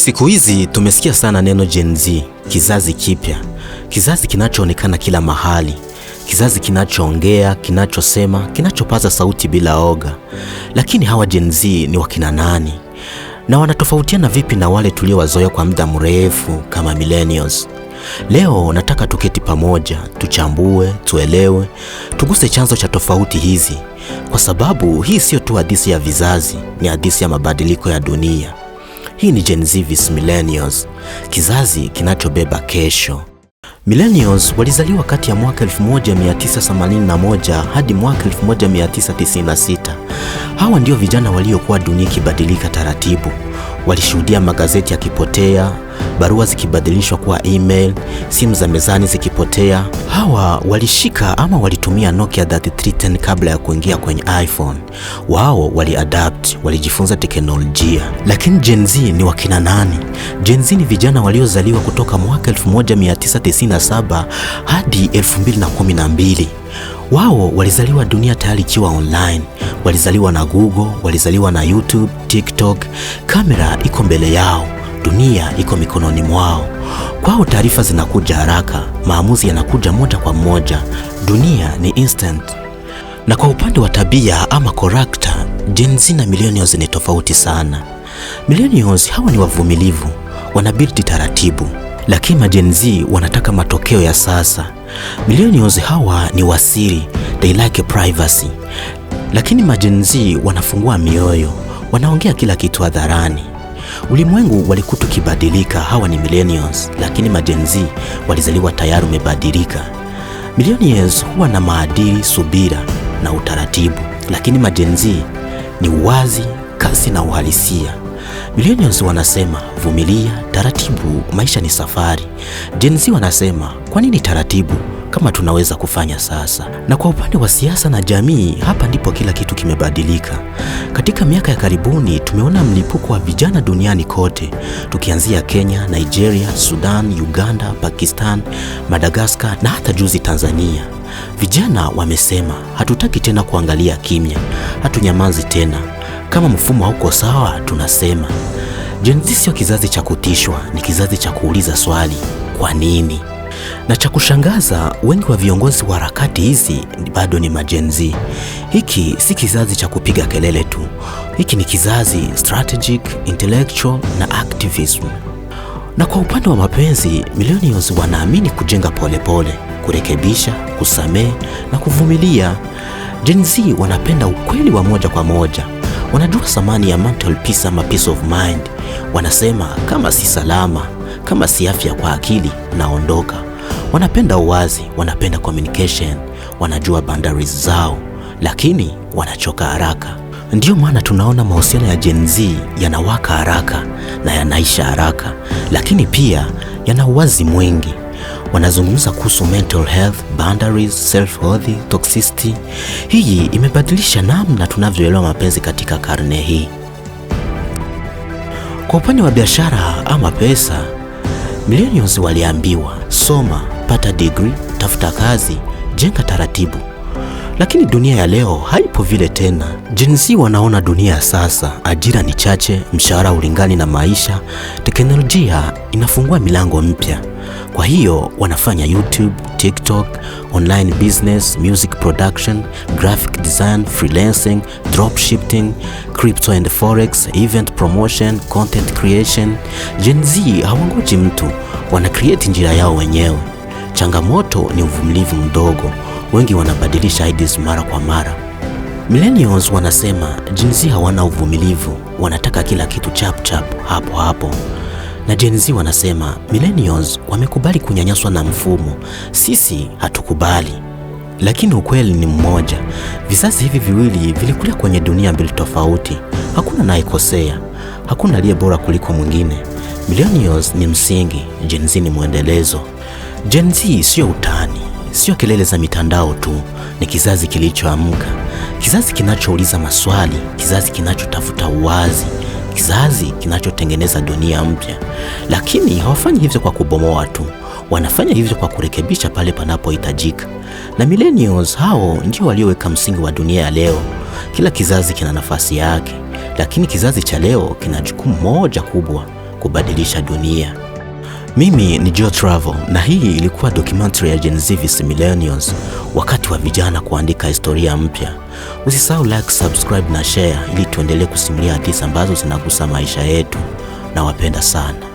Siku hizi tumesikia sana neno Gen Z, kizazi kipya, kizazi kinachoonekana kila mahali, kizazi kinachoongea, kinachosema, kinachopaza sauti bila oga. Lakini hawa Gen Z ni wakina nani na wanatofautiana vipi na wale tuliowazoea kwa muda mrefu kama millennials? Leo nataka tuketi pamoja, tuchambue, tuelewe, tuguse chanzo cha tofauti hizi, kwa sababu hii sio tu hadithi ya vizazi, ni hadithi ya mabadiliko ya dunia. Hii ni Gen Z vs Millennials, kizazi kinachobeba kesho. Millennials walizaliwa kati ya mwaka 1981 hadi mwaka 1996. Hawa ndio vijana waliokuwa dunia ikibadilika taratibu. Walishuhudia magazeti yakipotea, barua zikibadilishwa kuwa email, simu za mezani zikipotea, Hawa walishika ama walitumia Nokia 3310 kabla ya kuingia kwenye iPhone. Wao waliadapt, walijifunza teknolojia. Lakini Gen Z ni wakina nani? Gen Z ni vijana waliozaliwa kutoka mwaka 1997 hadi 2012. Wao walizaliwa dunia tayari ikiwa online, walizaliwa na Google, walizaliwa na YouTube, TikTok, kamera iko mbele yao dunia iko mikononi mwao. Kwao taarifa zinakuja haraka, maamuzi yanakuja moja kwa moja. Dunia ni instant. Na kwa upande wa tabia ama character, Gen Z na millennials ni tofauti sana. Millennials hawa ni wavumilivu, wanabuild taratibu, lakini Gen Z wanataka matokeo ya sasa. Millennials hawa ni wasiri, they like privacy, lakini Gen Z wanafungua mioyo, wanaongea kila kitu hadharani. Ulimwengu walikuta ukibadilika, hawa ni millennials, lakini majenzi walizaliwa tayari umebadilika. Millennials huwa na maadili, subira na utaratibu, lakini majenzi ni uwazi, kasi na uhalisia. Millennials wanasema vumilia, taratibu, maisha ni safari. Jenzi wanasema kwa nini taratibu? kama tunaweza kufanya sasa. Na kwa upande wa siasa na jamii, hapa ndipo kila kitu kimebadilika. Katika miaka ya karibuni tumeona mlipuko wa vijana duniani kote, tukianzia Kenya, Nigeria, Sudan, Uganda, Pakistan, Madagaskar na hata juzi Tanzania. Vijana wamesema hatutaki tena kuangalia kimya, hatunyamazi tena. Kama mfumo hauko sawa, tunasema. Gen Z sio kizazi cha kutishwa, ni kizazi cha kuuliza swali: kwa nini? Na cha kushangaza, wengi wa viongozi wa harakati hizi bado ni majenzi. Hiki si kizazi cha kupiga kelele tu, hiki ni kizazi strategic, intellectual na activism. Na kwa upande wa mapenzi, millennials wanaamini kujenga polepole pole, kurekebisha, kusamehe na kuvumilia. Gen Z wanapenda ukweli wa moja kwa moja, wanajua thamani ya mental peace ama peace of mind. Wanasema kama si salama, kama si afya kwa akili, naondoka. Wanapenda uwazi, wanapenda communication, wanajua boundaries zao, lakini wanachoka haraka. Ndiyo maana tunaona mahusiano ya Gen Z yanawaka haraka na yanaisha haraka, lakini pia yana uwazi mwingi. Wanazungumza kuhusu mental health, boundaries, self-worth, toxicity. Hii imebadilisha namna tunavyoelewa mapenzi katika karne hii. Kwa upande wa biashara ama pesa, millennials waliambiwa soma pata degree, tafuta kazi, jenga taratibu. Lakini dunia ya leo haipo vile tena. Gen Z wanaona dunia ya sasa, ajira ni chache, mshahara ulingani na maisha, teknolojia inafungua milango mpya. Kwa hiyo wanafanya YouTube, TikTok, online business, music production, graphic design, freelancing, dropshipping, crypto and forex, event promotion, content creation. Gen Z hawangoji mtu, wana create njira yao wenyewe. Changamoto ni uvumilivu mdogo, wengi wanabadilisha ideas mara kwa mara. Millennials wanasema Gen Z hawana uvumilivu, wanataka kila kitu chap chap hapo hapo, na Gen Z wanasema millennials wamekubali kunyanyaswa na mfumo, sisi hatukubali. Lakini ukweli ni mmoja, vizazi hivi viwili vilikulia kwenye dunia mbili tofauti, hakuna anayekosea, hakuna aliye bora kuliko mwingine. Millennials ni msingi, Gen Z ni mwendelezo. Gen Z sio utani, sio kelele za mitandao tu, ni kizazi kilichoamka, kizazi kinachouliza maswali, kizazi kinachotafuta uwazi, kizazi kinachotengeneza dunia mpya. Lakini hawafanyi hivyo kwa kubomoa tu, wanafanya hivyo kwa kurekebisha pale panapohitajika. Na millennials hao ndio walioweka msingi wa dunia ya leo. Kila kizazi kina nafasi yake, lakini kizazi cha leo kina jukumu moja kubwa, kubadilisha dunia. Mimi ni Joe Travel na hii ilikuwa documentary ya Gen Z vs Millennials, wakati wa vijana kuandika historia mpya. Usisahau like, subscribe na share ili tuendelee kusimulia hadithi ambazo zinagusa maisha yetu. Nawapenda sana.